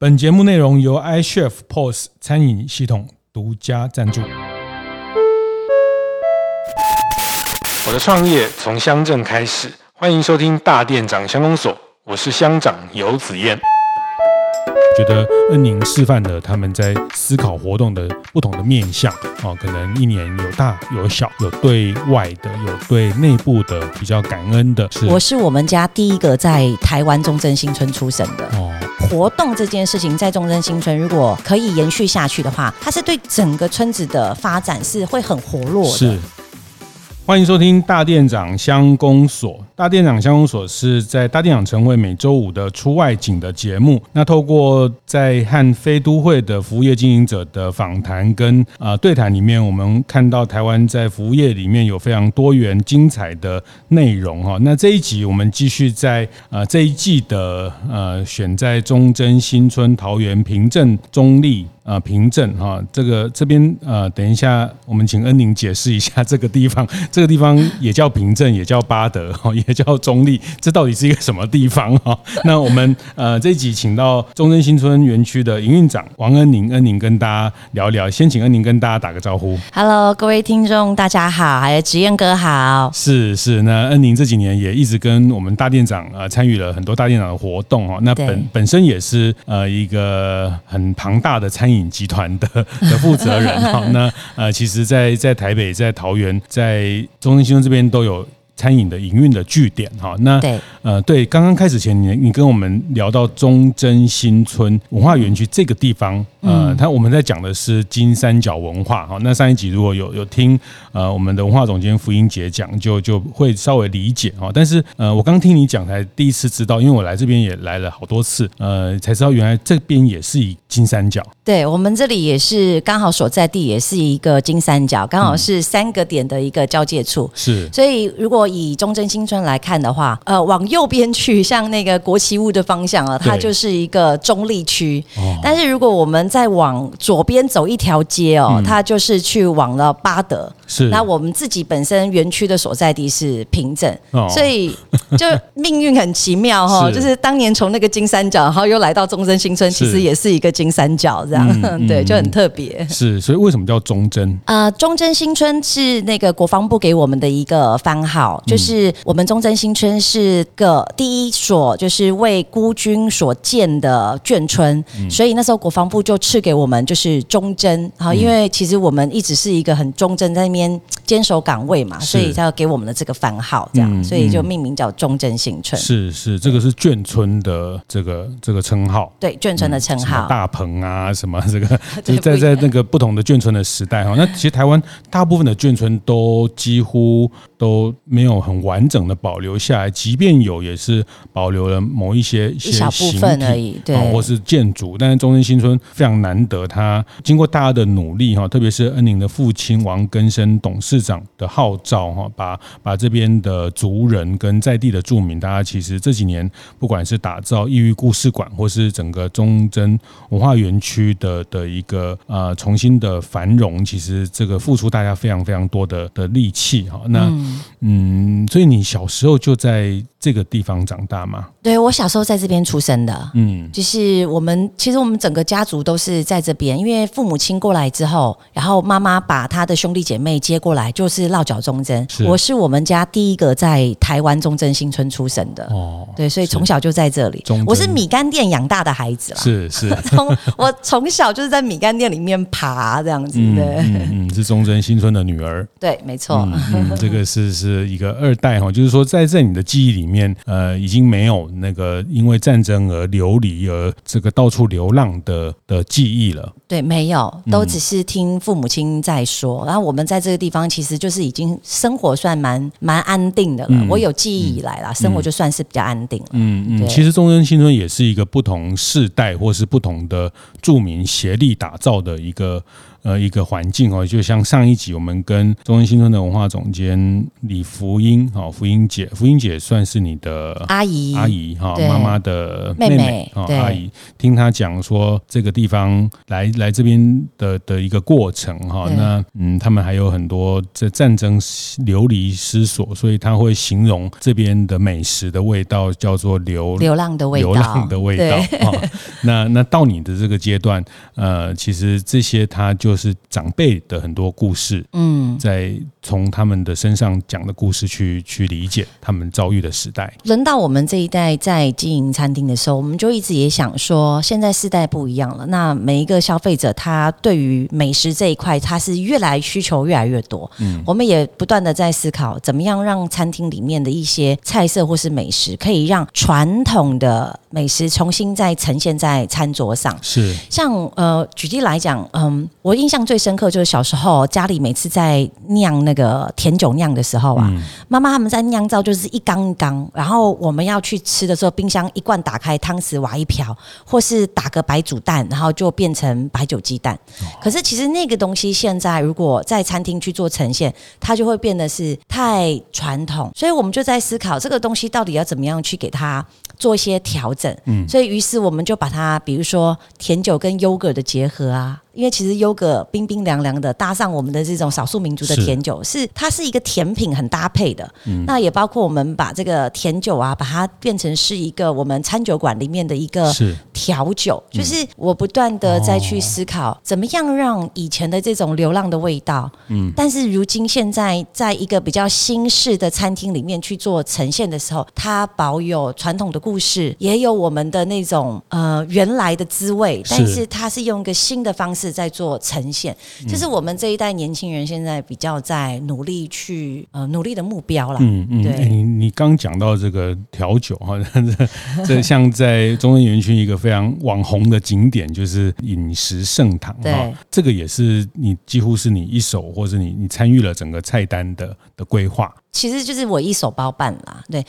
本節目內容由 iChef POS 餐飲系統獨家贊助。我的創業從鄉鎮開始，歡迎收聽大店長鄉公所，我是鄉長游子燕。我覺得恩寧示範的，他們在思考活動的不同的面向，可能一年有大有小，有對外的，有對內部的比較感恩的。我是我們家第一個在台灣忠貞新村出生的。活動這件事情，在忠貞新村，如果可以延續下去的話，它是對整個村子的發展是會很活絡的。是。歡迎收聽大店長鄉公所。大店長鄉公所是在大店長成慧每周五的出外景的節目。那透過在和非都會的服務業經營者的訪談跟呃對談裡面，我們看到台灣在服務業裡面有非常多元精彩的內容哈。那這一集我們繼續在啊這一季的呃選在忠貞新村、桃園平鎮、中壢。啊、呃，平鎮哈、哦，這個這邊呃，等一下，我們請恩寧解釋一下這個地方。這個地方也叫平鎮，也叫八德，哈、哦，也叫忠貞，這到底是一個什麼地方哈？哦、 那我們呃，這一集請到忠貞新村園區的營運長王恩寧， 恩寧跟大家聊聊。先請恩寧跟大家打個招呼。Hello，各位聽眾，大家好，還有職燕哥好。是是，那恩寧這幾年也一直跟我們大店長啊、呃，參與了很多大店長的活動哦，那本對本身也是呃一個很龐大的餐飲。集團的的負責人，那呃，其實，在在台北、在桃園、在忠貞新這邊都有，餐飲的營運的據點哈，那呃對，剛剛開始前，你你跟我們聊到忠貞新村文化園區這個地方，呃，他我們在講的是金三角文化哈。那上一集如果有有聽呃我們的文化總監符英杰講，就就會稍微理解。但是呃，我剛聽你講才第一次知道，因為我來這邊也來了好多次，呃，才知道原來這邊也是以金三角。對我們這裡也是剛好所在地，也是一個金三角，剛好是三個點的一個交界處。是，所以如果以忠貞新村來看的話，呃，往右邊去，像那個國旗屋的方向啊，它就是一個中立區。對但是如果我們再往左邊走一條街哦，它就是去往了巴德。嗯嗯是，那我們自己本身園區的所在地是平鎮，哦，所以就命運很奇妙哈，是，就是當年從那個金三角，然後又來到忠貞新村，是其實也是一個金三角這樣，嗯嗯、對，就很特別。是，所以為什麼叫忠貞啊，呃？忠貞新村是那個國防部給我們的一個番號，就是我們忠貞新村是個第一所就是為孤軍所建的眷村，所以那時候國防部就賜給我們就是忠貞，好，因為其實我們一直是一個很忠貞在那。堅守崗位嘛，所以他要給我們的這個番號，這樣，嗯、所以就命名叫忠貞新村。是是，這個是眷村的這個這個稱號。對，眷村的稱號。嗯、大鵬啊，什麼這個，就在在在那個不同的眷村的時代哈，那其實台灣大部分的眷村都幾乎。都沒有很完整的保留下來，即便有，也是保留了某一些、一些一小部分而已，對，嗯、或是建築。但是忠貞新村非常難得，它經過大家的努力哈，特別是恩寧的父親王根生董事長的號召哈，把把這邊的族人跟在地的住民，大家其實這幾年不管是打造異域故事館，或是整個忠貞文化園區的的一個呃重新的繁榮，其實這個付出大家非常非常多的的力氣哈，那。嗯嗯，所以你小時候就在這個地方長大嗎？對，我小時候在這邊出生的。嗯，就是我們其實我們整個家族都是在這邊，因為父母親過來之後，然後媽媽把她的兄弟姐妹接過來，就是落腳忠貞是。我是我們家第一個在台灣忠貞新村出生的。哦，對，所以從小就在這裡。是我是米干店養大的孩子啦。是是，是 從我從小就是在米干店裡面爬這樣子、嗯、對，嗯,嗯是忠貞新村的女兒。對，沒錯，嗯嗯、這個是。是是一個二代哈，就是說，在這你的記憶裡面，呃，已經沒有那個因為戰爭而流離而這個到處流浪的的記憶了。對，沒有，都只是聽父母親在說。嗯、然後我們在這個地方，其實就是已經生活算蠻蠻安定的了。嗯、我有記憶以來啦，嗯、生活就算是比較安定嗯對嗯，其實忠貞新村也是一個不同世代或是不同的住民協力打造的一個。呃，一個環境哦，就像上一集我們跟忠貞新村的文化總監李福音，好，福音姐，福音姐算是你的阿姨，阿姨哈，對媽媽的妹妹，妹妹阿姨，聽她講說這個地方來來這邊的的一個過程哈，對那嗯，他們還有很多在戰爭流離失所，所以他會形容這邊的美食的味道叫做流流浪的味道，流浪的味道。對哦、那那到你的這個階段。呃，其實這些他就是長輩的很多故事，嗯，在從他們的身上講的故事去去理解他們遭遇的時代。輪到我們這一代在經營餐廳的時候，我們就一直也想說，現在世代不一樣了。那每一個消費者，他對於美食這一塊，他是越來需求越來越多。嗯，我們也不斷的在思考，怎麼樣讓餐廳裡面的一些菜色或是美食，可以讓傳統的美食重新再呈現在餐桌上。是，像呃。呃，舉例來講，嗯，我印象最深刻就是小時候家裡每次在釀那個甜酒釀的時候啊，媽媽、嗯、他們在釀造就是一缸一缸，然後我們要去吃的時候，冰箱一罐打開，湯匙挖一瓢，或是打個白煮蛋，然後就變成白酒雞蛋。哦、可是其實那個東西現在如果在餐廳去做呈現，它就會變得是太傳統，所以我們就在思考這個東西到底要怎麼樣去給它做一些調整。嗯，所以於是我們就把它，比如說甜酒跟優格。的結合啊。因為其實優格冰冰涼涼的搭上我們的這種少數民族的甜酒，是它是一個甜品很搭配的。嗯，那也包括我們把這個甜酒啊，把它變成是一個我們餐酒館裡面的一個調酒。就是我不斷的在去思考，怎麼樣讓以前的這種流浪的味道，嗯，但是如今現在在一個比較新式的餐廳裡面去做呈現的時候，它保有傳統的故事，也有我們的那種呃原來的滋味，但是它是用一個新的方式。在做呈現，這、就是我們這一代年輕人現在比較在努力去呃努力的目標了、嗯。嗯嗯，對，欸、你你剛講到這個調酒哈，這像在中央園區一個非常網紅的景點，就是飲食盛堂哈，對這個也是你幾乎是你一手或者你你參與了整個菜單的的規劃。其實就是我一手包辦啦，對，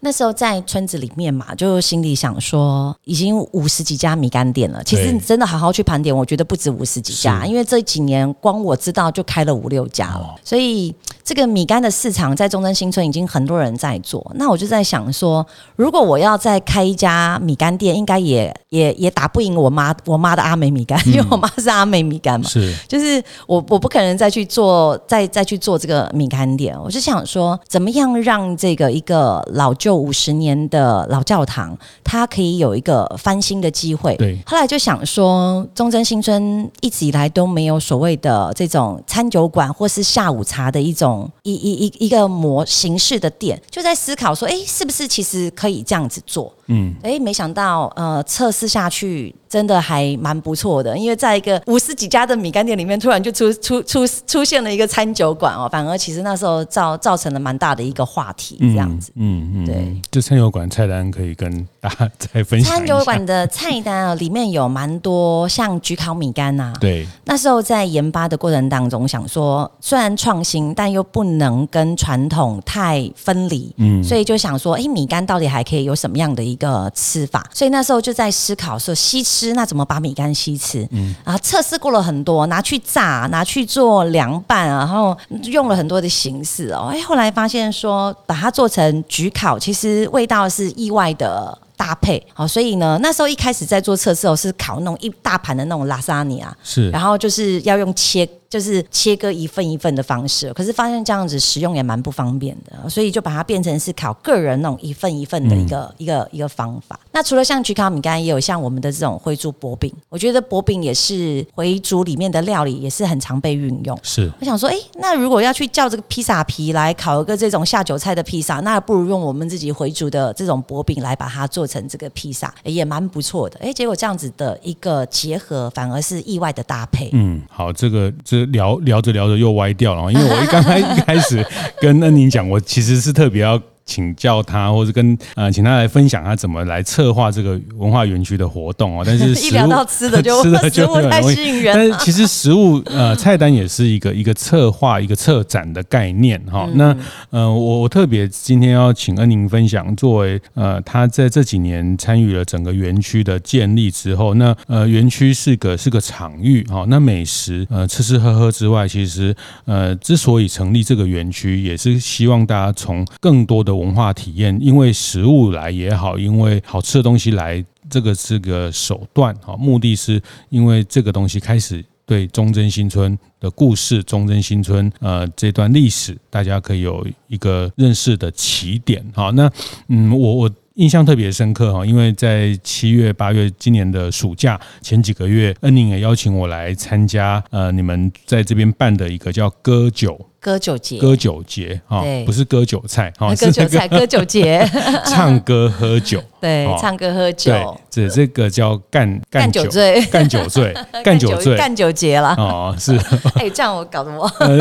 那時候在村子裡面嘛，就心裡想說，已經五十幾家米干店了。其實你真的好好去盤點，我覺得不止五十幾家，對，因為這幾年光我知道就開了五六家了，哦、所以。這個米干的市場在忠貞新村已經很多人在做，那我就在想說，如果我要再開一家米干店，應該也也也打不贏我媽，我媽的阿美米干，因為我媽是阿美米干嘛，嗯、是就是我我不可能再去做再再去做這個米干店，我就想說，怎麼樣讓這個一個老舊五十年的老教堂，它可以有一個翻新的機會？對。後來就想說，忠貞新村一直以來都沒有所謂的這種餐酒館或是下午茶的一種。一一一一個模型式的店，就在思考說：哎、欸，是不是其實可以這樣子做？嗯，哎，沒想到，呃，測試下去真的還蠻不錯的，因為在一個五十幾家的米干店裡面，突然就出出出出現了一個餐酒館哦，反而其實那時候造造成了蠻大的一個話題，這樣子，嗯嗯，嗯嗯對，這餐酒館菜單可以跟大家再分享一下。餐酒館的菜單啊，裡面有蠻多像焗烤米干吶，啊，對，那時候在研發的過程當中，想說雖然創新，但又不能跟傳統太分離，嗯，所以就想說，哎，米干到底還可以有什麼樣的一個的吃法，所以那時候就在思考說，西吃那怎麼把米干西吃？嗯啊，測試過了很多，拿去炸，拿去做涼拌，然後用了很多的形式哦。哎，後來發現說，把它做成焗烤，其實味道是意外的搭配。好，哦，所以呢，那時候一開始在做測試哦，是烤那種一大盤的那種拉沙尼啊，是，然後就是要用切。就是切割一份一份的方式，可是發現這樣子食用也蠻不方便的，所以就把它變成是烤個人那種一份一份的一個、嗯、一個一個方法。那除了像曲烤米干，也有像我們的這種回族薄餅，我覺得薄餅也是回族裡面的料理也是很常被運用。是，我想說，哎、欸，那如果要去叫這個披薩皮來烤一個這種下酒菜的披薩，那不如用我們自己回族的這種薄餅來把它做成這個披薩、欸，也蠻不錯的。哎、欸，結果這樣子的一個結合，反而是意外的搭配。嗯，好，這個這個。聊聊着聊着又歪掉了，因為我一剛才一開始跟恩寧講，我其實是特別要請教他，或者跟呃，請他來分享他怎麼來策劃這個文化園區的活動哦，但是 一聊到吃的， 吃的就太吸引人。但是其實食物呃 菜單也是一個一個策劃一個策展的概念哈。 那呃，我我特別今天要請恩寧分享，作為呃，他在這幾年參與了整個園區的建立之後，那呃，園區是個是個場域哈。那美食，呃，吃吃喝喝之外，其實呃，之所以成立這個園區，也是希望大家從更多的文化體驗，因為食物來也好，因為好吃的東西來，這個是個手段啊。目的是因為這個東西開始對忠貞新村的故事、忠貞新村呃這段歷史，大家可以有一個認識的起點。好，那嗯，我我印象特別深刻哈，因為在七月八月今年的暑假前幾個月，恩寧也邀請我來參加呃，你們在這邊辦的一個叫歌酒。歌酒節，歌酒節哈，對不是割韭菜哈，割韭菜，歌對、那個、酒節，歌酒 唱歌喝酒。對，唱歌喝酒，這這個叫乾乾酒醉，乾酒醉，乾酒醉，乾酒節了。哦，是。哎，這樣我搞什麼？很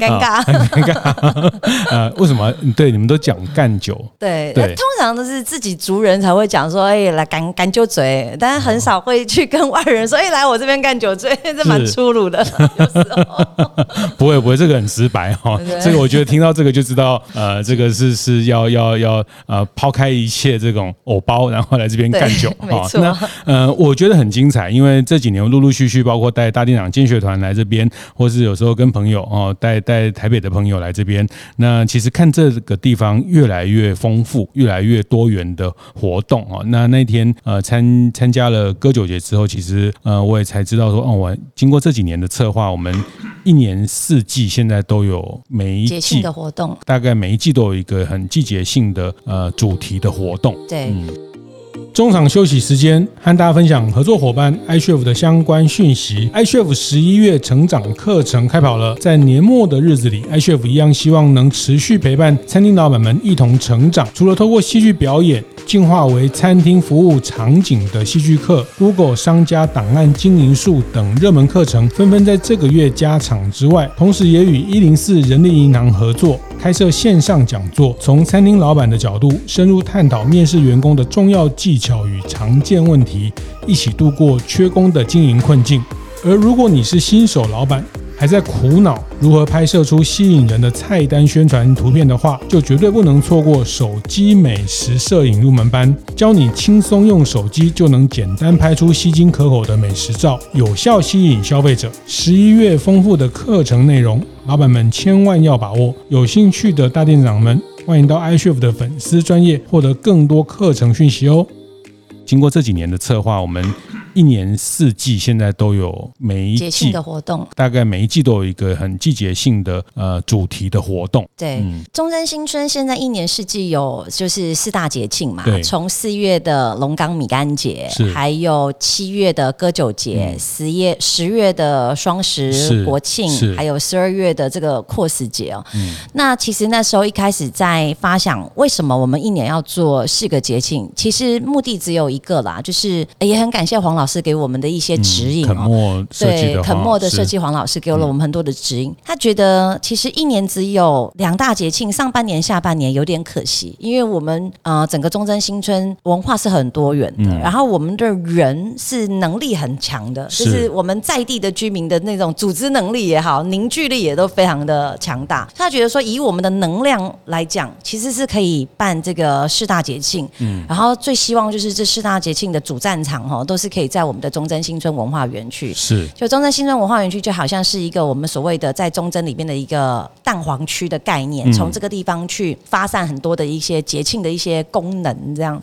尷尬，很尷尬。呃，為什麼？對，你們都講乾酒。對，通常都是自己族人才會講說，哎，來乾乾酒醉，但是很少會去跟外人說，哎，來我這邊乾酒醉，這蠻粗魯的。不會不會，這個很直白哈。這個我覺得聽到這個就知道，呃，這個是是要要要呃，拋開一切。借這種偶包，然後來這邊乾酒啊。那呃，我覺得很精彩，因為這幾年陸陸續續，包括帶大店長見學團來這邊，或是有時候跟朋友哦，帶帶台北的朋友來這邊。那其實看這個地方越來越豐富，越來越多元的活動啊。那那天呃，參參加了歌酒節之後，其實呃，我也才知道說，哦，我經過這幾年的策劃，我們一年四季現在都有每一季的活動，大概每一季都有一個很季節性的呃主題的活動。嗯嗯動對，中場休息時間，和大家分享合作夥伴 iCHEF 的相關訊息。iCHEF 十一月成長課程開跑了，在年末的日子裡，iCHEF 一樣希望能持續陪伴餐廳老闆們一同成長。除了透過戲劇表演進化為餐廳服務場景的戲劇課，Google 商家檔案經營術等熱門課程紛紛在這個月加場之外，同時也與一零四人力銀行合作。開設線上講座，從餐廳老闆的角度，深入探討面試員工的重要技巧與常見問題，一起度過缺工的經營困境。而如果你是新手老闆，還在苦惱如何拍攝出吸引人的菜單宣傳圖片的話，就絕對不能錯過手機美食攝影入門班，教你輕鬆用手機就能簡單拍出吸睛可口的美食照，有效吸引消費者。十一月豐富的課程內容，老闆們千萬要把握！有興趣的大店長們，歡迎到 iCHEF 的粉絲專頁獲得更多課程訊息哦。經過這幾年的策劃，我們。一年四季現在都有每一季的活動，大概每一季都有一個很季節性的呃主題的活動。對，忠貞新村現在一年四季有就是四大節慶嘛，從對四月的龍崗米干節，是還有七月的歌酒節，十月十月的雙十國慶，還有十二月的這個闊時節哦。嗯、那其實那時候一開始在發想，為什麼我們一年要做四個節慶？其實目的只有一個啦，就是也很感謝黃。老師給我們的一些指引，嗯，肯莫對肯默的設計，黃老師給了我們很多的指引。嗯、他覺得其實一年只有兩大節慶，上半年、下半年有點可惜，因為我們呃整個忠貞新村文化是很多元的，嗯、然後我們的人是能力很強的，是就是我們在地的居民的那種組織能力也好，凝聚力也都非常的強大。他覺得說以我們的能量來講，其實是可以辦這個四大節慶，嗯，然後最希望就是這四大節慶的主戰場哈都是可以。在我們的忠貞新村文化園區，是就忠貞新村文化園區就好像是一個我們所謂的在忠貞裡面的一個蛋黃區的概念，從這個地方去發散很多的一些節慶的一些功能，這樣。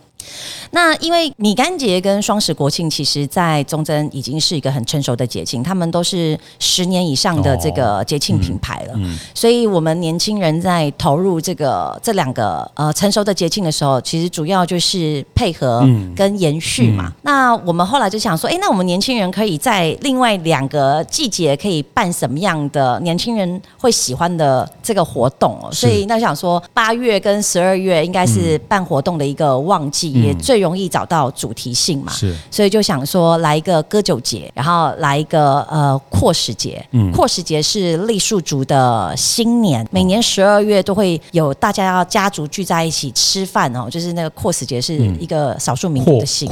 那因為米干節跟雙十國慶，其實，在忠貞已經是一個很成熟的節慶，他們都是十年以上的這個節慶品牌了。哦嗯嗯、所以，我們年輕人在投入這個這兩個呃成熟的節慶的時候，其實主要就是配合跟延續嘛。嗯嗯、那我們後來就想說，哎、欸，那我們年輕人可以在另外兩個季節可以辦什麼樣的年輕人會喜歡的這個活動？是所以，那想說八月跟十二月應該是辦活動的一個旺季。也最容易找到主題性嘛，所以就想說來一個歌酒節，然後來一個呃闊時節。闊時節是傈僳族的新年，每年十二月都會有，大家要家族聚在一起吃飯哦。就是那個闊時節是一個少數民族的節。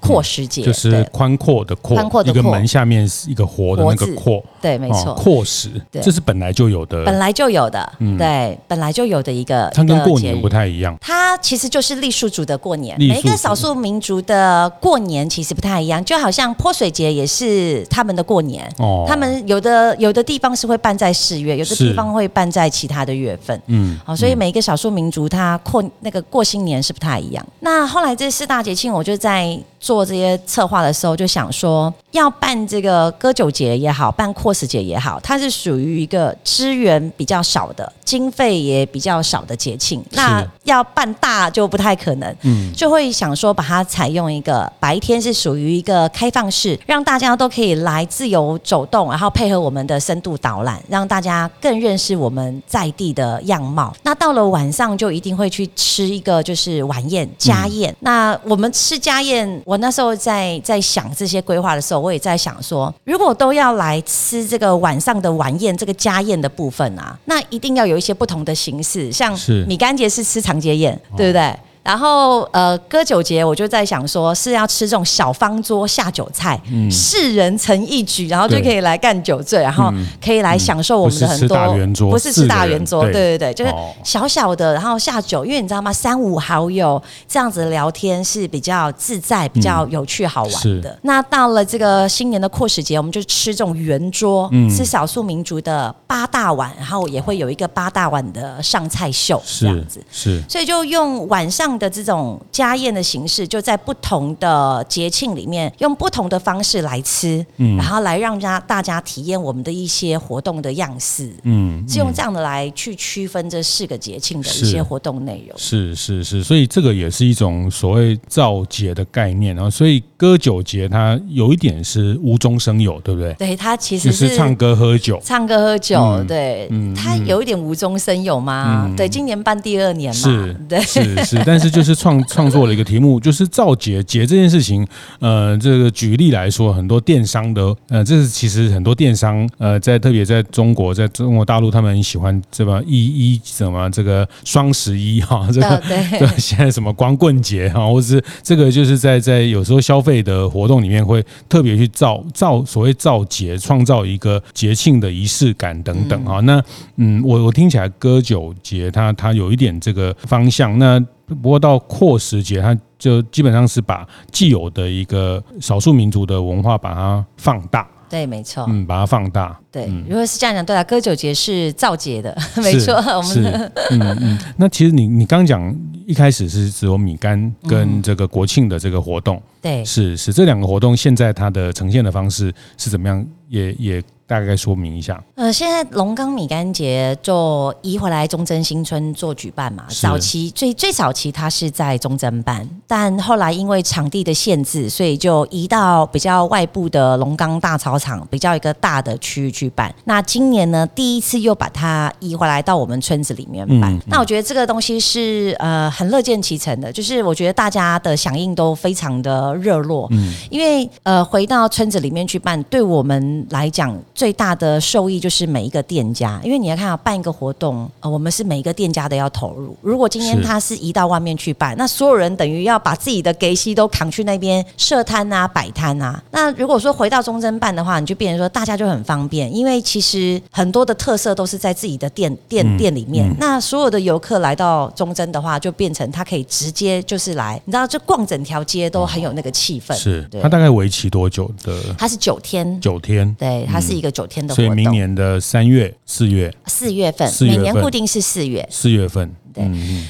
闊時節就是寬闊的闊，一個門下面是一個活的那個闊，對，沒錯，闊時，這是本來就有的，本來就有的，對，本來就有的一個，它跟過年不太一樣，它其實就是傈僳族的。過年，每一個少數民族的過年其實不太一樣，就好像潑水節也是他們的過年。他們有的有的地方是會辦在四月，有的地方會辦在其他的月份。嗯，好，所以每一個少數民族他過那個過新年是不太一樣。那後來這四大節慶，我就在。做這些策劃的時候，就想說要辦這個歌酒節也好，辦闊時節也好，它是屬於一個資源比較少的、經費也比較少的節慶。那要辦大就不太可能，是就會想說把它採用一個、嗯、白天是屬於一個開放式，讓大家都可以來自由走動，然後配合我們的深度導覽，讓大家更認識我們在地的樣貌。那到了晚上就一定會去吃一個就是晚宴、家宴。嗯、那我們吃家宴。那時候在在想這些規劃的時候，我也在想說，如果都要來吃這個晚上的晚宴，這個家宴的部分啊，那一定要有一些不同的形式，像米干節是吃長街宴是對不對？哦然後呃，歌酒節我就在想說，是要吃這種小方桌下酒菜，四人成一局，然後就可以來乾酒醉，然後可以來享受我們的很多，不是大圓桌，不是吃大圓桌，對對對，就是小小的，然後下酒，因為你知道嗎？三五好友這樣子聊天是比較自在、比較有趣、好玩的。那到了這個新年的闊時節，我們就吃這種圓桌，吃少數民族的八大碗，然後也會有一個八大碗的上菜秀，是這樣子，是，所以就用晚上。的這種家宴的形式，就在不同的節慶裡面，用不同的方式來吃，嗯，然後來讓家大家體驗我們的一些活動的樣式，嗯，是用這樣的來去區分這四個節慶的一些活動內容，嗯嗯是，是是是，所以這個也是一種所謂造節的概念啊。所以歌酒節它有一點是無中生有，對不對？對，它其實是唱歌喝酒，唱歌喝酒，對，嗯嗯、它有一點無中生有嗎？嗯、對，今年辦第二年嘛，是對，是是，是，但是。這 就是創創作了一個題目，就是造節節這件事情。呃，這個舉例來說，很多電商的，呃，這是其實很多電商，呃，在特別在中國，在中國大陸，他們喜歡這麼一一什麼這個雙十一哈，這個現在什麼光棍節哈、哦，或是這個就是在在有時候消費的活動裡面會特別去造造所謂造節，創造一個節慶的儀式感等等啊、嗯哦。那嗯，我我聽起來歌酒節，它它有一點這個方向那。不過到闊時節，它就基本上是把既有的一個少數民族的文化把它放大，對，沒錯，嗯，把它放大，對，嗯、如果是這樣講，對啊，歌酒節是造節的，沒錯，是我們的是，嗯嗯，那其實你你剛講一開始是只有米干跟這個國慶的這個活動。嗯對，是是這兩個活動，現在它的呈現的方式是怎麼樣？也也也大概說明一下。呃，現在龍崗米干節就移回來忠貞新村，做舉辦嘛。早期是 最最早期它是在忠貞辦，但後來因為場地的限制，所以就移到比較外部的龍崗大操場，比較一個大的區域去辦。那今年呢，第一次又把它移回來到我們村子裡面辦。嗯嗯、那我覺得這個東西是呃很樂見其成的，就是我覺得大家的響應都非常的。熱絡，嗯，因為呃，回到村子裡面去辦，對我們來講最大的受益就是每一個店家，因為你要看、啊、辦一個活動，呃，我們是每一個店家都要投入。如果今天他是移到外面去辦，那所有人等於要把自己的給息都扛去那邊設攤啊、擺攤啊。那如果說回到忠貞辦的話，你就變成說大家就很方便，因為其實很多的特色都是在自己的店店店裡面。那所有的遊客來到忠貞的話，就變成他可以直接就是來，你知道，就逛整條街都很有那個，的氣氛是，它大概為期多久的？它是九天，九天，對，它是一個九天的、嗯。所以明年的三月、四月、四月份，月份每年固定是四月，四月份。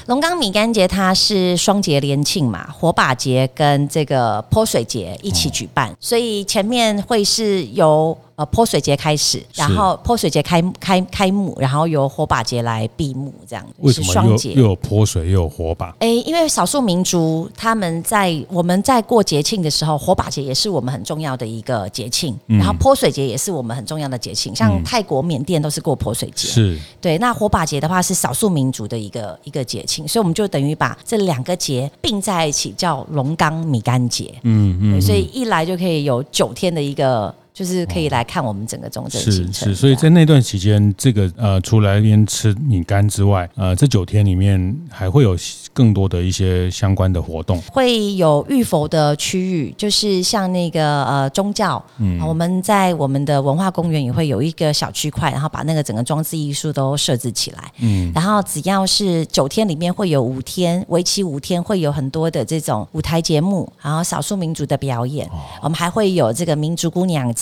龍崗米干節它是雙節聯慶嘛，火把節跟這個潑水節一起舉辦，嗯、所以前面會是由呃潑水節開始，然後潑水節開開開幕，然後由火把節來閉幕這樣子。為什麼又有潑水又有火把？哎、欸，因為少數民族他們在我們在過節慶的時候，火把節也是我們很重要的一個節慶，嗯、然後潑水節也是我們很重要的節慶，像泰國、緬甸都是過潑水節。是、嗯、對，那火把節的話是少數民族的一個。一個節慶，所以我們就等於把這兩個節併在一起叫，叫龍岡米干節。嗯嗯，所以一來就可以有九天的一個。就是可以來看我們整個忠貞、哦、是是，所以在那段期間，這個呃，除了邊吃米干之外，呃，這九天裡面還會有更多的一些相關的活動，會有浴佛的區域，就是像那個呃宗教，嗯，我們在我們的文化公園也會有一個小區塊，然後把那個整個裝置藝術都設置起來，嗯，然後只要是九天裡面會有五天，為期五天會有很多的這種舞台節目，然後少數民族的表演，哦、我們還會有這個民族姑娘。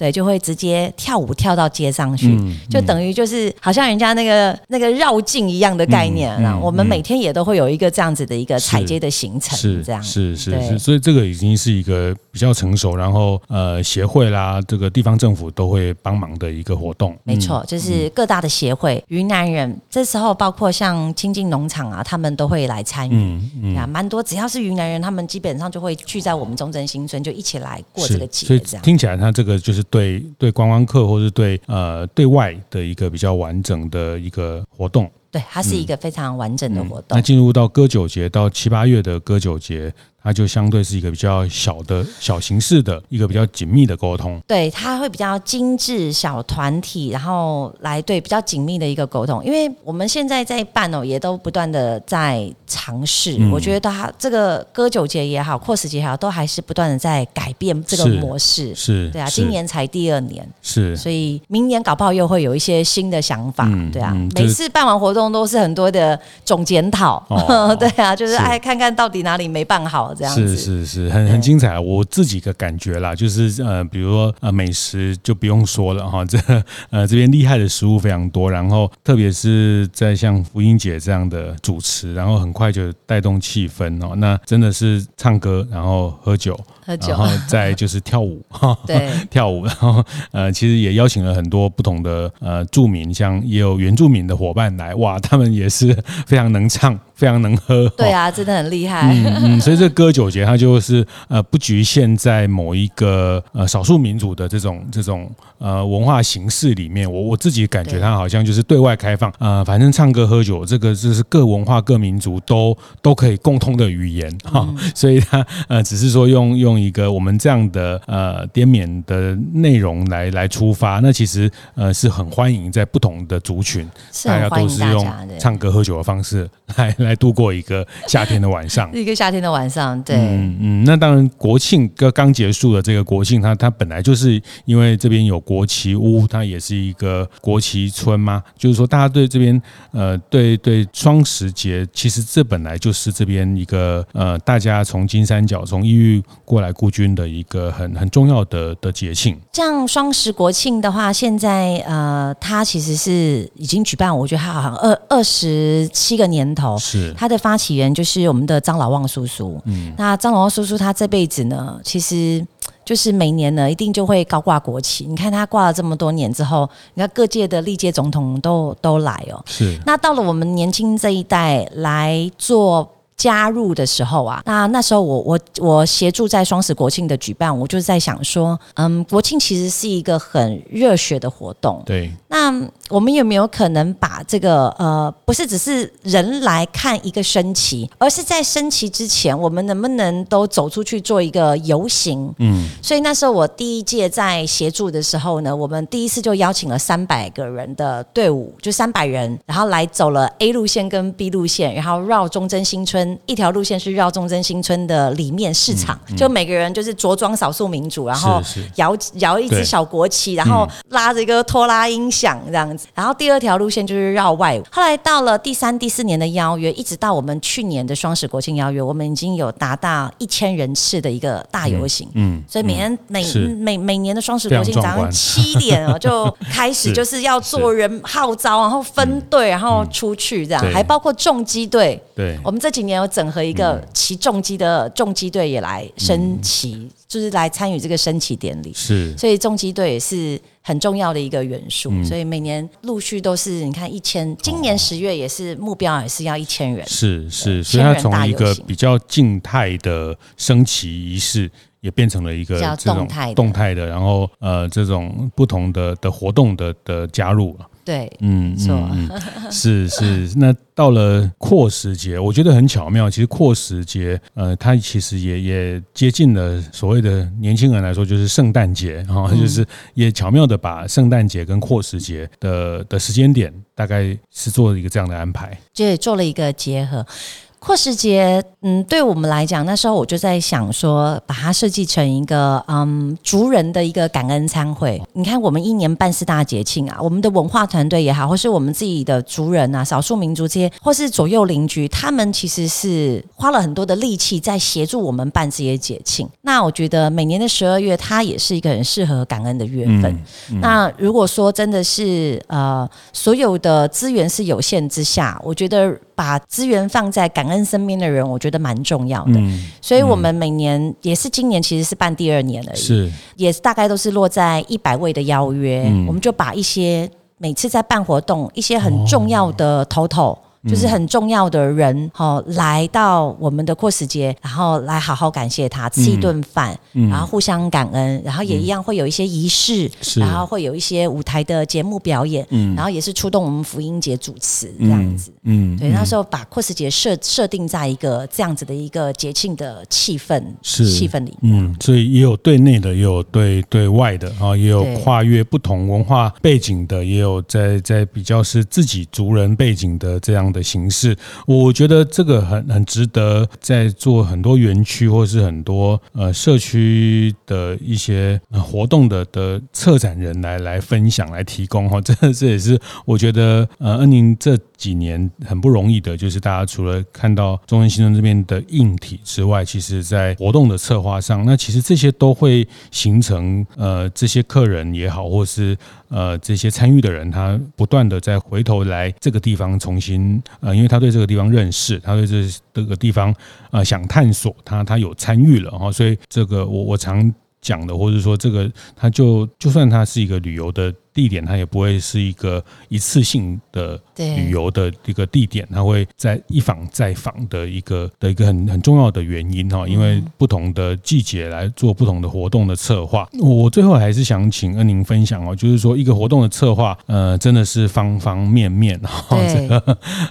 對，就會直接跳舞跳到街上去，嗯嗯、就等於就是好像人家那個那個繞境一樣的概念啦。嗯、然後我們每天也都會有一個這樣子的一個踩街的行程，是這樣，是是是，是，對是，所以這個已經是一個比較成熟，然後呃協會啦，這個地方政府都會幫忙的一個活動。嗯、沒錯，就是各大的協會，雲南人這時候包括像清境農場啊，他們都會來參與，嗯嗯、啊，蠻多，只要是雲南人，他們基本上就會聚在我們忠貞新村，就一起來過這個節這，所以這樣聽起來，他這個就是。對對，對觀光客或是對呃對外的一個比較完整的一個活動，對，它是一個非常完整的活動。那進入到歌酒節，到七八月的歌酒節。它就相對是一個比較小的小形式的一個比較緊密的溝通，對，它會比較精緻小團體，然後來對比較緊密的一個溝通。因為我們現在在辦哦，也都不斷的在嘗試。我覺得它這個歌酒節也好，闊時節也好，都還是不斷的在改變這個模式。是，對啊，今年才第二年，是，所以明年搞不好又會有一些新的想法，對啊。每次辦完活動都是很多的總檢討，對啊，就是哎看看到底哪裡沒辦好。是是是，很很精彩。嗯、我自己的感覺啦，就是呃，比如說呃，美食就不用說了哈，這呃這邊厲害的食物非常多。然後，特別是在像福音姐這樣的主持，然後很快就帶動氣氛哦。那真的是唱歌，然後喝酒，喝酒，然後再就是跳舞， 對，跳舞。然後呃，其實也邀請了很多不同的呃住民，像也有原住民的夥伴來，哇，他們也是非常能唱。非常能喝，哦、對啊，真的很厲害。嗯嗯，所以這歌酒節它就是呃不局限在某一個呃少數民族的這種這種呃文化形式裡面。我我自己感覺它好像就是對外開放，對呃，反正唱歌喝酒這個就是各文化各民族都都可以共通的語言哈。哦嗯、所以它呃只是說用用一個我們這樣的呃滇緬的內容來來出發，那其實呃是很歡迎在不同的族群，是大家大家都是用唱歌喝酒的方式來對來。來度過一個夏天的晚上，一個夏天的晚上，對，嗯嗯，那當然國慶剛剛結束的這個國慶，它它本來就是因為這邊有國旗屋，它也是一個國旗村嘛，就是說大家對這邊呃，對對雙十節，其實這本來就是這邊一個呃，大家從金三角從異域過來孤軍的一個很很重要的的節慶。像雙十國慶的話，現在呃，它其實是已經舉辦，我覺得它好像二二十七個年頭。他的發起人就是我們的張老旺叔叔。嗯，那張老旺叔叔他這輩子呢，其實就是每年呢一定就會高掛國旗。你看他掛了這麼多年之後，你看各界的歷屆總統都都來哦。是，那到了我們年輕這一代來做，加入的時候啊，那那時候我我我協助在雙十國慶的舉辦，我就是在想說，嗯，國慶其實是一個很熱血的活動，對。那我們有沒有可能把這個呃，不是只是人來看一個升旗，而是在升旗之前，我們能不能都走出去做一個遊行？嗯，所以那時候我第一屆在協助的時候呢，我們第一次就邀請了三百個人的隊伍，就三百人，然後來走了 A 路線跟 B 路線，然後繞忠貞新村。一條路線是繞忠貞新村的裡面市場，就每個人就是着裝少數民族，然後搖搖一支小國旗，然後拉着一個拖拉音響這樣子。然後第二條路線就是繞外。後來到了第三、第四年的邀約，一直到我們去年的雙十國慶邀約，我們已經有達到一千人次的一個大遊行。嗯，所以每天每每每年的雙十國慶早上七點哦，就開始，就是要做人號召，然後分隊，然後出去這樣，還包括重機隊。對，我們這幾年。然後整合一個騎重機的重機隊也來升旗，嗯嗯嗯，就是來參與這個升旗典禮。是、嗯，嗯、所以重機隊也是很重要的一個元素。所以每年陸續都是你看一千，今年十月也是目標也是要一千元。哦哦哦哦，是是，所以他從一個比較靜態的升旗儀式，也變成了一個比較動態動態的。然後呃，這種不同的的活動的的加入。對嗯做 嗯，嗯，錯，是是。那到了闊時節，我覺得很巧妙。其實闊時節，呃，它其實也也接近了所謂的年輕人來說，就是聖誕節，然就是也巧妙地把聖誕節節的把聖誕節跟闊時節的的時間點，大概是做了一個這樣的安排，對，做了一個結合。闊時節，嗯，對我們來講，那時候我就在想說，把它設計成一個，嗯，族人的一個感恩餐會。你看，我們一年辦四大節慶啊，我們的文化團隊也好，或是我們自己的族人啊，少數民族這些，或是左右鄰居，他們其實是花了很多的力氣在協助我們辦這些節慶。那我覺得，每年的十二月，它也是一個很適合感恩的月份。嗯嗯、那如果說真的是，呃，所有的資源是有限之下，我覺得。把資源放在感恩身邊的人，我覺得蠻重要的。嗯，所以，我們每年，嗯，也是今年其實是辦第二年而已。是，也是大概都是落在一百位的邀約。嗯，我們就把一些每次在辦活動一些很重要的頭頭。哦。就是很重要的人哈，嗯、來到我們的闊時節，然後來好好感謝他，吃一頓飯，嗯嗯、然後互相感恩，然後也一樣會有一些儀式，嗯、然後會有一些舞台的節目表演，是然後也是出動我們福音節主持、嗯、這樣子，嗯，嗯對，那時候把闊時節設設定在一個這樣子的一個節慶的氣氛是氣氛裡面，嗯，所以也有對內的，也有對對外的，啊，也有跨越不同文化背景的，對也有在在比較是自己族人背景的這樣。的形式，我覺得這個很很值得在做很多園區或是很多呃社區的一些活動的的策展人來來分享來提供哈、哦，這這也是我覺得呃恩寧這幾年很不容易的，就是大家除了看到忠貞新村這邊的硬體之外，其實在活動的策劃上，那其實這些都會形成呃這些客人也好，或是呃這些參與的人，他不斷的在回頭來這個地方重新。呃，因為他對這個地方認識，他對這這個地方啊、呃、想探索，他他有參與了啊，所以這個我我常講的，或者說這個他就就算他是一個旅遊的。地點它也不會是一個一次性的旅遊的一個地點，它會在一訪再訪的一個的一個很很重要的原因哈，因為不同的季節來做不同的活動的策劃。我最後還是想請恩寧分享哦，就是說一個活動的策劃，呃，真的是方方面面，對，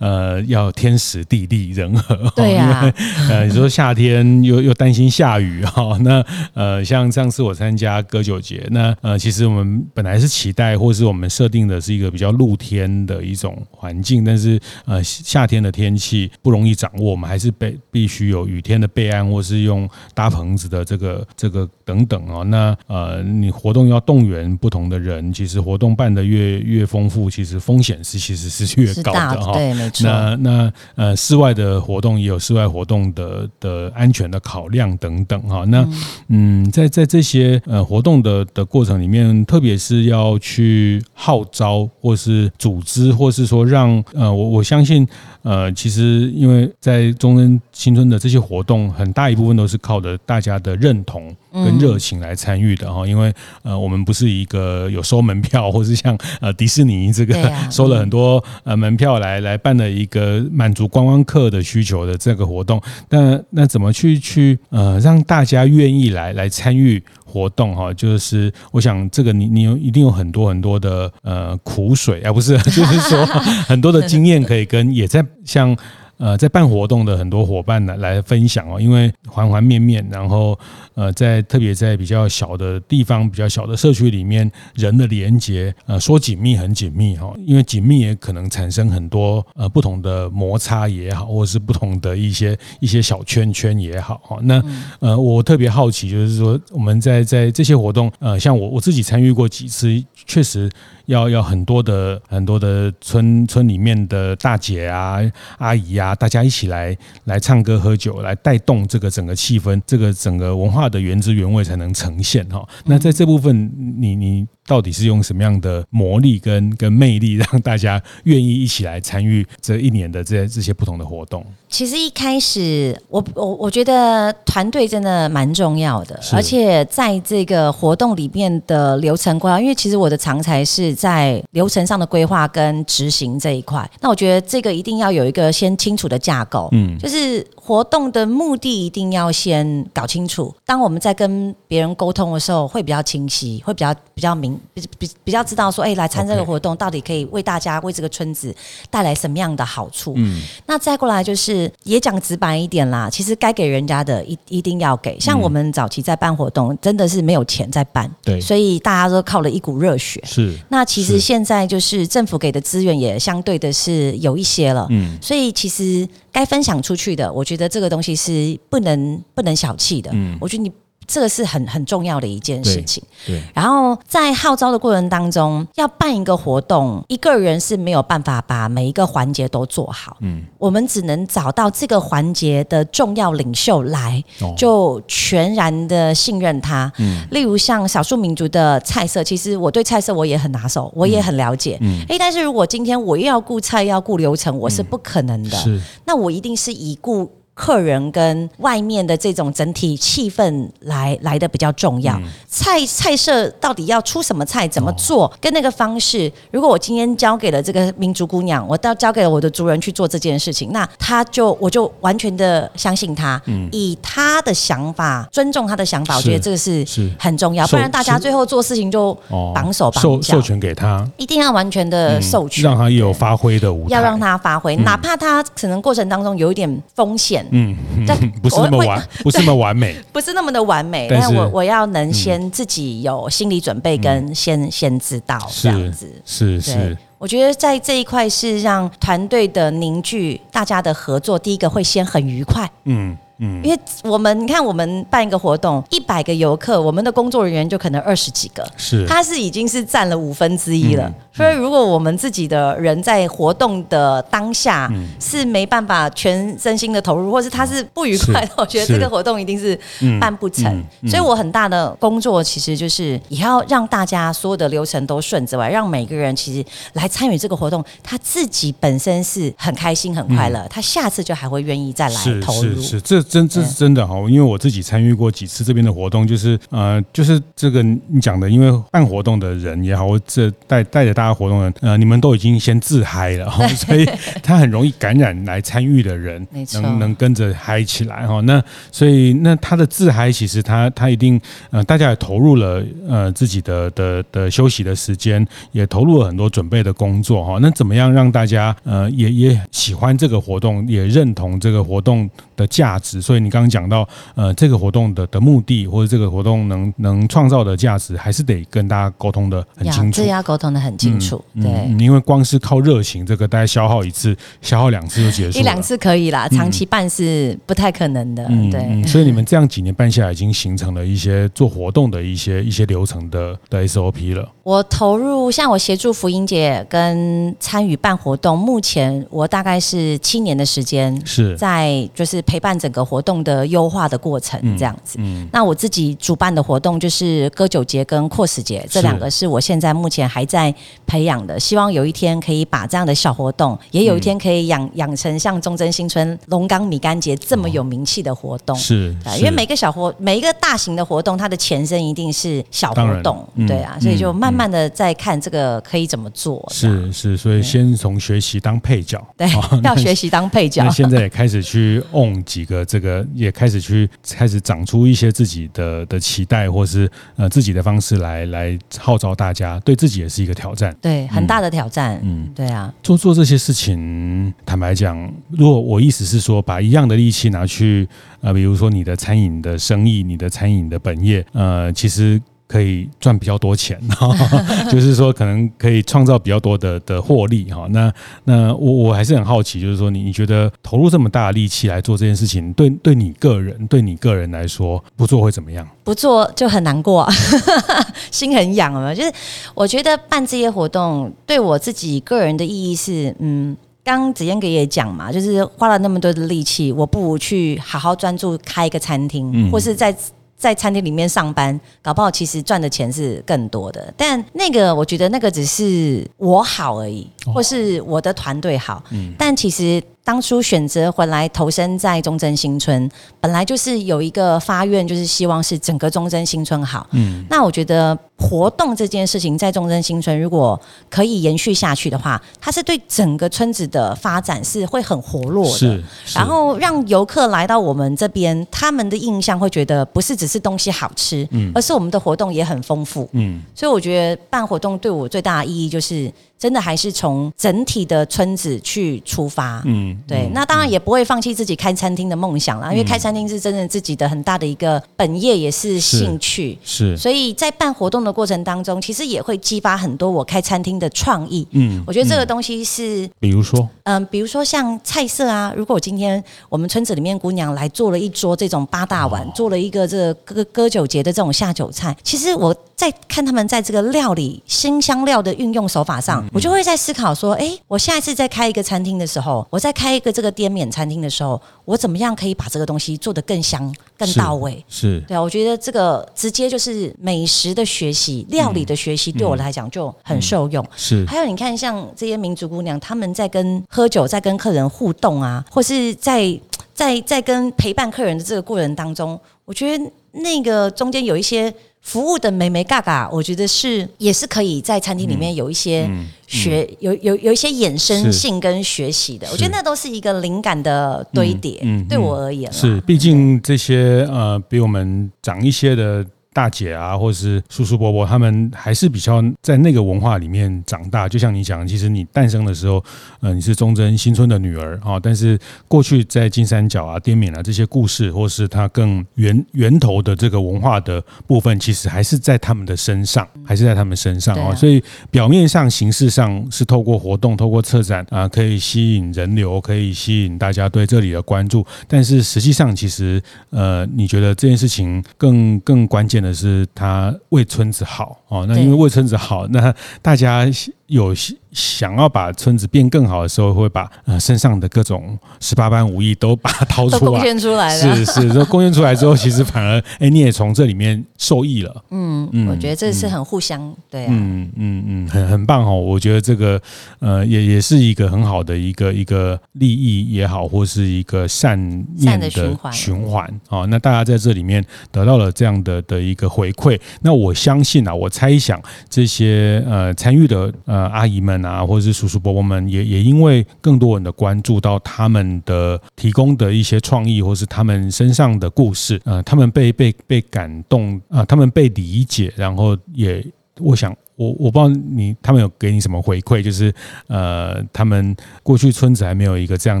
呃，要天時地利人和。對呀，呃，你說夏天又又擔心下雨哈，那呃，像上次我參加歌酒節，那呃，其實我們本來是期待。或是我們設定的是一個比較露天的一種環境，但是呃夏天的天氣不容易掌握，我們還是被必須有雨天的備案，或是用搭棚子的這個這個等等哦。那呃你活動要動員不同的人，其實活動辦得越越豐富，其實風險是其實是越高的哦。那那呃室外的活動也有室外活動的的安全的考量等等哦。那嗯在在這些呃活動的的過程裡面，特別是要去。去號召，或是組織，或是說讓呃，我我相信呃，其實因為在忠貞新村的這些活動，很大一部分都是靠着大家的認同跟熱情來參與的哈。嗯、因為呃，我們不是一個有收門票，或是像呃迪士尼這個收了很多呃門票來來辦的一個滿足觀光客的需求的這個活動。那那怎麼去去呃讓大家願意來來參與？活動哈，就是我想這個你你有一定有很多很多的呃苦水啊，不是，就是說很多的經驗可以跟 也在像。呃，在辦活動的很多夥伴呢，來分享哦，因為環環面面，然後呃，在特別在比較小的地方、比較小的社區裡面，人的連接呃，說緊密很緊密哈、哦，因為緊密也可能產生很多呃不同的摩擦也好，或者是不同的一些一些小圈圈也好哈。那呃，我特別好奇，就是說我們在在這些活動呃，像我我自己參與過幾次，確實要要很多的很多的村村裡面的大姐啊、阿姨啊。啊！大家一起來來唱歌、喝酒，來帶動這個整個氣氛，這個整個文化的原汁原味才能呈現哈。那在這部分，你你到底是用什麼樣的魔力跟跟魅力，讓大家願意一起來參與這一年的這這些不同的活動？其實一開始，我我我覺得團隊真的蠻重要的，是而且在這個活動裡面的流程規劃，因為其實我的長才是在流程上的規劃跟執行這一塊。那我覺得這個一定要有一個先聽。清楚的架構，嗯，就是。活動的目的一定要先搞清楚。當我們在跟別人溝通的時候，會比較清晰，會比較比較明，比比比較知道說，哎、欸，來參加這個活動 Okay. 到底可以為大家為這個村子帶來什麼樣的好處？嗯，那再過來就是也講直白一點啦。其實該給人家的，一一定要給。像我們早期在辦活動，嗯、真的是沒有錢在辦，對，所以大家都靠了一股熱血。是。那其實現在就是政府給的資源也相對的是有一些了，嗯，所以其實。該分享出去的，我覺得這個東西是不能不能小氣的。嗯，我覺得你。這個是很很重要的一件事情。對。然後在號召的過程當中，要辦一個活動，一個人是沒有辦法把每一個環節都做好。嗯。我們只能找到這個環節的重要領袖來，就全然的信任他。嗯。例如像少數民族的菜色，其實我對菜色我也很拿手，我也很了解。嗯。哎，但是如果今天我又要顧菜又要顧流程，我是不可能的。是。那我一定是以顧。客人跟外面的這種整體，氣氛來來的比較重要。菜、嗯，菜，菜菜色，到底要出什麼菜怎麼做，哦、跟那個方式，如果我今天交給了這個民族姑娘，我到交給了我的族人去做這件事情，那他就我就完全的相信他，嗯、以他的想法，尊重他的想法，是我覺得這個是是很重要，不然大家最後做事情就綁手綁腳，授權給他，一定要完全的授權，嗯、讓他有發揮的舞台、嗯，要讓他發揮，嗯、哪怕他可能過程當中有一點風險。嗯，但、嗯、不是那麼完，對不是那麼完美，不是那麼的完美。但是但我我要能先自己有心理準備，跟先、嗯、先知道這樣子，是是。是對是我覺得在這一塊是讓團隊的凝聚，大家的合作，第一個會先很愉快。嗯。嗯，因為我們你看，我們辦一個活動，一百個遊客，我們的工作人員就可能二十幾個，是他是已經是占了五分之一了。嗯、所以，如果我們自己的人在活動的當下、嗯、是沒辦法全身心的投入，或是他是不愉快的。是我覺得這個活動一定是辦不成。嗯嗯嗯、所以我很大的工作其實就是也要讓大家所有的流程都順之外，讓每個人其實來參與這個活動，他自己本身是很開心很快樂，嗯、他下次就還會願意再來投入。真，這是真的哈，因為我自己參與過幾次這邊的活動，就是呃，就是這個你講的，因為辦活動的人也好，這帶帶着大家活動的人，呃，你們都已經先自嗨了，所以他很容易感染來參與的人，能能跟着嗨起來哈。那所以那他的自嗨其實他他一定呃，大家也投入了呃自己的的的休息的時間，也投入了很多準備的工作哈。那怎麼樣讓大家呃也也喜歡這個活動，也認同這個活動的價值？所以你剛剛講到，呃，這個活動的的目的，或者這個活動能能創造的價值，還是得跟大家溝通的很清楚，要，對要溝通的很清楚，嗯、對、嗯，因為光是靠熱情，這個大家消耗一次、消耗兩次就結束了，一兩次可以啦，長期辦是不太可能的，嗯、對。所以你們這樣幾年辦下來，已經形成了一些做活動的一些一些流程的的 SOP 了。我投入，像我協助福音姐跟參與辦活動，目前我大概是七年的時間，是在就是陪伴整個。活動的優化的過程，這樣子、嗯。嗯、那我自己主辦的活動就是歌酒節跟闊時節，這兩個是我現在目前還在培養的，希望有一天可以把這樣的小活動，也有一天可以養養、嗯、成像忠貞新村、龍崗米干節這麼有名氣的活動。嗯、是，因為每個小活，每一個大型的活動，它的前身一定是小活動，嗯、對啊，所以就慢慢的在看這個可以怎麼做。嗯、是吧是，是，所以先從學習當配角，對，哦、要學習當配角。那現在也開始去 on 幾個。這個也開始去開始長出一些自己的的期待，或是呃自己的方式來來號召大家，對自己也是一個挑戰，對很大的挑戰，嗯，嗯對啊，做做這些事情，坦白講，如果我意思是說，把一樣的力氣拿去，呃，比如說你的餐飲的生意，你的餐飲的本業，呃，其實。可以賺比較多錢， 就是說可能可以創造比較多的的獲利哈。那那我我還是很好奇，就是說你你覺得投入這麼大的力氣來做這件事情，對對你個人對你個人來說不做會怎麼樣？不做就很難過， 心很癢啊。就是我覺得辦這些活動對我自己個人的意義是，嗯，剛子嫣哥也講嘛，就是花了那麼多的力氣，我不如去好好專注開一個餐廳，嗯，或是在。在餐廳裡面上班，搞不好其實賺的錢是更多的。但那個，我覺得那個只是我好而已，哦、或是我的團隊好。嗯、但其實。當初選擇回來投身在忠貞新村，本來就是有一個發願，就是希望是整個忠貞新村好。嗯，那我覺得活動這件事情在忠貞新村如果可以延續下去的話，它是對整個村子的發展是會很活絡的。是，是。然後讓遊客來到我們這邊，他們的印象會覺得不是只是東西好吃，嗯，而是我們的活動也很豐富，嗯。所以我覺得辦活動對我最大的意義就是。真的還是從整體的村子去出發。嗯，嗯，對，那當然也不會放棄自己開餐廳的夢想啦，因為開餐廳是真正自己的很大的一個本業，也是興趣，是，所以在辦活動的過程當中，其實也會激發很多我開餐廳的創意，嗯，我覺得這個東西是，比如說，嗯，比如說像菜色啊，如果我今天我們村子裡面姑娘來做了一桌這種八大碗，做了一個這個歌酒節的這種下酒菜，其實我。在看他們在這個料理辛香料的運用手法上，我就會在思考說，誒，我下一次再開一個餐廳的時候，我再開一個這個滇緬餐廳的時候，我怎麼樣可以把這個東西做得更香、更到位？是，是對啊，我覺得這個直接就是美食的學習、料理的學習，對我來講就很受用。是，還有你看，像這些民族姑娘，他們在跟喝酒、在跟客人互動啊，或是在在在跟陪伴客人的這個過程當中，我覺得那個中間有一些。服務的美眉嘎嘎，我覺得是也是可以在餐廳裡面有一些學、嗯嗯嗯、有有有一些衍生性跟學習的，我覺得那都是一個靈感的堆疊、嗯。嗯，嗯對我而言是，畢竟這些對 呃比我們長一些的。大姐啊，或是叔叔伯伯，他們還是比較在那個文化裡面長大。就像你講，其實你誕生的時候，嗯、呃，你是忠貞新村的女兒啊、哦。但是過去在金三角啊、滇緬啊這些故事，或是它更源源頭的這個文化的部分，其實還是在他們的身上，還是在他們身上啊。所以表面上、形式上是透過活動、透過策展啊，可以吸引人流，可以吸引大家對這裡的關注。但是實際上，其實呃，你覺得這件事情更更關鍵？那是他為村子好哦，那因為為村子好，那大家有想要把村子變更好的時候，會把呃身上的各種十八般武藝都把它掏出來，貢獻出來了。是是，這貢獻出來之後， 其實反而哎、欸，你也從這裡面受益了。嗯嗯，我覺得這是很互相、嗯、對啊。嗯嗯嗯，很很棒哦。我覺得這個呃，也也是一個很好的一個一個利益也好，或是一個善的循環循環啊、哦。那大家在這裡面得到了這樣的的一個回饋，那我相信啊，我猜想這些呃參與的呃。呃，阿姨們啊，或者是叔叔伯伯們也，也也因為更多人的關注到他們的提供的一些創意，或是他們身上的故事，呃，他們被被被感動，啊、呃，他們被理解，然後也，我想。我我不知道你他們有給你什麼回饋，就是呃，他們過去村子還沒有一個這樣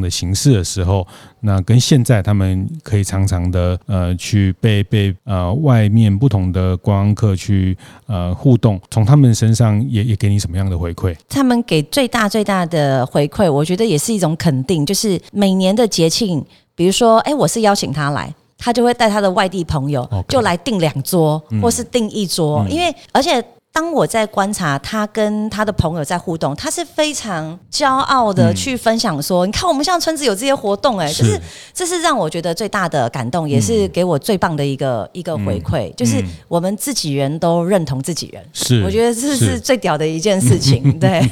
的形式的時候，那跟現在他們可以常常的呃去被被呃外面不同的觀光客去呃互動，從他們身上也也給你什麼樣的回饋？他們給最大最大的回饋，我覺得也是一種肯定，就是每年的節慶，比如說哎、欸，我是邀請他來，他就會帶他的外地朋友 Okay. 就來訂兩桌，嗯、或是訂一桌，嗯、因為而且。當我在觀察他跟他的朋友在互動，他是非常驕傲的去分享說：“嗯、你看，我們像村子有這些活動、欸，誒是，就是這是讓我覺得最大的感動，嗯、也是給我最棒的一個一個回饋，嗯、就是我們自己人都認同自己人，是、嗯、我覺得這是最屌的一件事情。”對，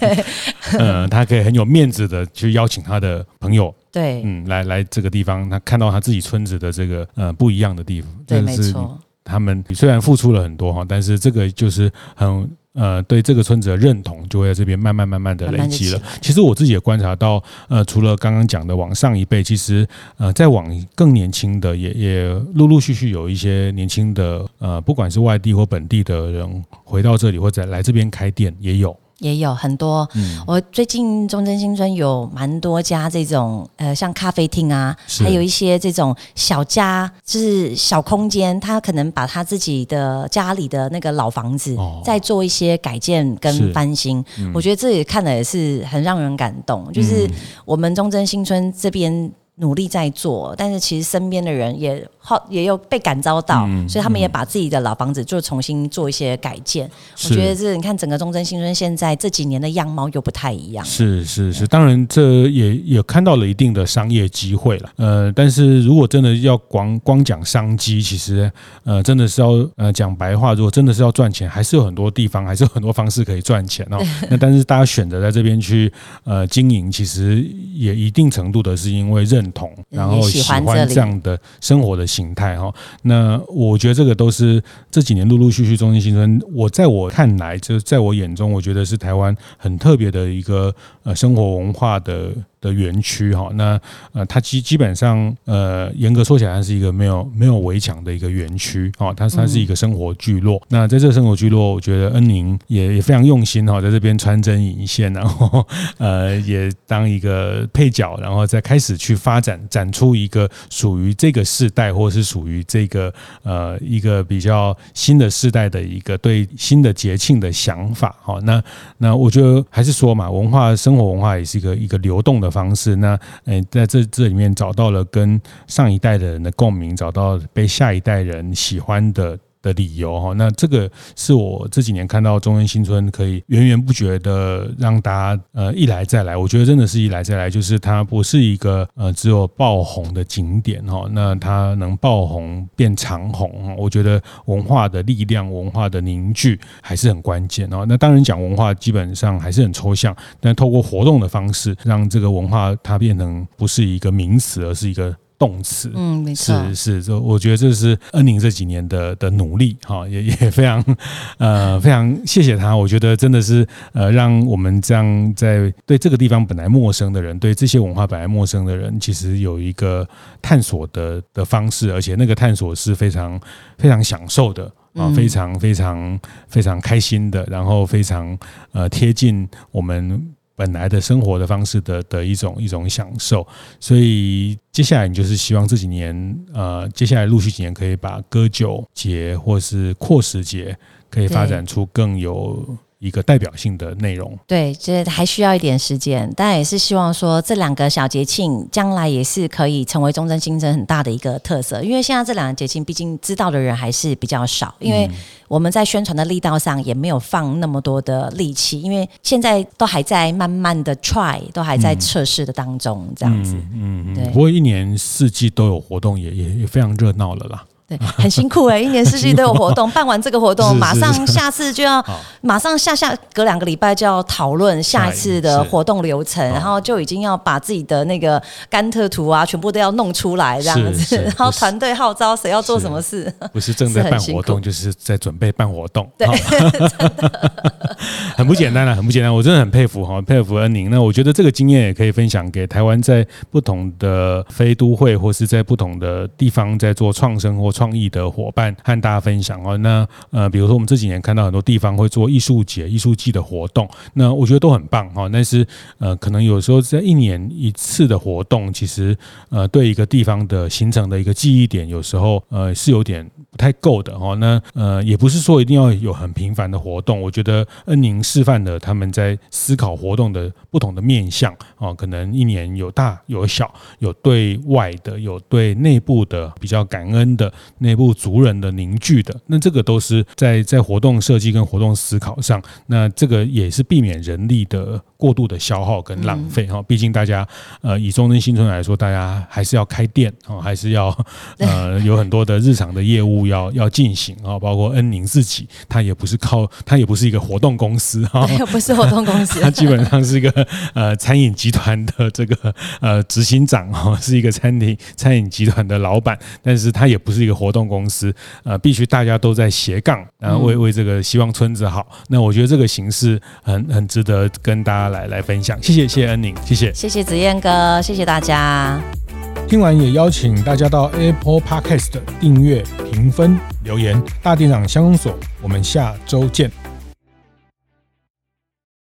嗯，他可以很有面子的去邀請他的朋友，對，嗯，來來這個地方，他看到他自己村子的這個嗯、呃，不一樣的地方，對，是沒錯。他們雖然付出了很多哈，但是這個就是很呃，對這個村子的認同就會在這邊慢慢慢慢的累積了。其實我自己也觀察到，呃，除了剛剛講的往上一輩，其實呃，再往更年輕的也也陸陸續續有一些年輕的呃，不管是外地或本地的人回到這裡或者來這邊開店也有。也有很多，我最近忠貞新村有蠻多家這種，呃，像咖啡廳啊，還有一些這種小家，就是小空間，他可能把他自己的家裡的那個老房子再做一些改建跟翻新，我覺得這也看了也是很讓人感動，就是我們忠貞新村這邊。努力在做，但是其實身邊的人也好，也有被感召到，嗯嗯、所以他們也把自己的老房子就重新做一些改建。是我覺得是，你看整個忠貞新村現在這幾年的樣貌又不太一樣是。是是是，對當然這也也看到了一定的商業機會了。呃，但是如果真的要光光講商機，其實呃真的是要呃講白話，如果真的是要賺錢，還是有很多地方，還是有很多方式可以賺錢哦。 那但是大家選擇在這邊去呃經營，其實也一定程度的是因為認。同，然後喜歡這樣的生活的形態哈、哦。那我覺得這個都是這幾年陸陸續續，續忠貞新村。我在我看來，就是在我眼中，我覺得是台灣很特別的一個呃生活文化的。的園區哈，那呃，它基基本上呃，嚴格說起來，它是一個沒有沒有圍牆的一個園區哦，它它是一個生活聚落。嗯、那在這個生活聚落，我覺得恩寧也也非常用心哈、哦，在這邊穿針引線，然後呃，也當一個配角，然後再開始去發展，展出，一個屬於這個世代，或是屬於這個呃一個比較新的世代的一個對新的節慶的想法哈、哦。那那我覺得還是說嘛，文化生活文化也是一個一個流動的方式，那哎，在這這裡面找到了跟上一代的人的共鳴，找到被下一代人喜歡的。的理由哈，那這個是我這幾年看到忠貞新村可以源源不絕的讓大家呃一來再來，我覺得真的是一來再來，就是它不是一個呃只有爆紅的景點哈，那它能爆紅變長紅，我覺得文化的力量、文化的凝聚還是很關鍵哦，那當然講文化基本上還是很抽象，但透過活動的方式，讓這個文化它變成不是一個名詞，而是一個。動詞，嗯，沒錯，是是，這我覺得這是恩寧這幾年的的努力，哈，也也非常，呃，非常謝謝他，我覺得真的是，呃，讓我們這樣在對這個地方本來陌生的人，對這些文化本來陌生的人，其實有一個探索的的方式，而且那個探索是非常非常享受的，啊、呃，非常非常非常開心的，然後非常呃貼近我們。本來的生活的方式的的一種一種享受，所以接下來你就是希望這幾年，呃，接下來陸續幾年可以把歌酒節或是闊時節可以發展出更有。一個代表性的內容，對，就是還需要一點時間，但也是希望說這兩個小節慶將來也是可以成為忠貞新村很大的一個特色，因為現在這兩個節慶畢竟知道的人還是比較少，因為我們在宣傳的力道上也沒有放那麼多的力氣，因為現在都還在慢慢的 try，都還在測試的當中，嗯、這樣子，嗯嗯，嗯對不過一年四季都有活動，也也也非常熱鬧了啦。很辛苦哎、欸，一年四季都有活動，辦完這個活動，馬上下次就要馬上下下隔兩個禮拜就要討論下一次的活動流程，然後就已經要把自己的那個甘特圖啊，全部都要弄出來這樣子，然後團隊號召誰要做什麼事，不是正在辦活動，就是在準備辦活動，對真， 很不簡單了、啊，很不簡單、啊，我真的很佩服哈，佩服恩寧。那我覺得這個經驗也可以分享給台灣，在不同的非都會或是在不同的地方在做創生或創。創意的夥伴和大家分享哦。那呃，比如說我們這幾年看到很多地方會做藝術節、藝術季的活動，那我覺得都很棒哈、哦。但是呃，可能有時候在一年一次的活動，其實呃，對一個地方的形成的一個記憶點，有時候呃是有點不太夠的哈、哦。那呃，也不是說一定要有很頻繁的活動。我覺得恩寧示範的他們在思考活動的不同的面向哦，可能一年有大有小，有對外的，有對內部的，比較感恩的。內部族人的凝聚的，那這個都是在在活動設計跟活動思考上，那這個也是避免人力的。過度的消耗跟浪費哈，畢竟大家呃以忠貞新村來，來說，大家還是要開店啊，還是要呃對 有很多的日常的業務要要進行啊，包括恩寧自己，他也不是靠他也不是一個活動公司哈，呃、不是活動公司，呃，他基本上是一個呃餐飲集團的這個呃執行長哈，是一個餐廳餐飲集團的老闆，但是他也不是一個活動公司，呃，必須大家都在斜槓，然、呃、後為為這個希望村子好，嗯、那我覺得這個形式很很值得跟大家。來來分享，謝謝謝謝恩寧，謝謝謝謝紫燕哥，謝謝大家。聽完也邀請大家到 Apple Podcast 訂閱、評分、留言。大店長鄉公所，我們下周見。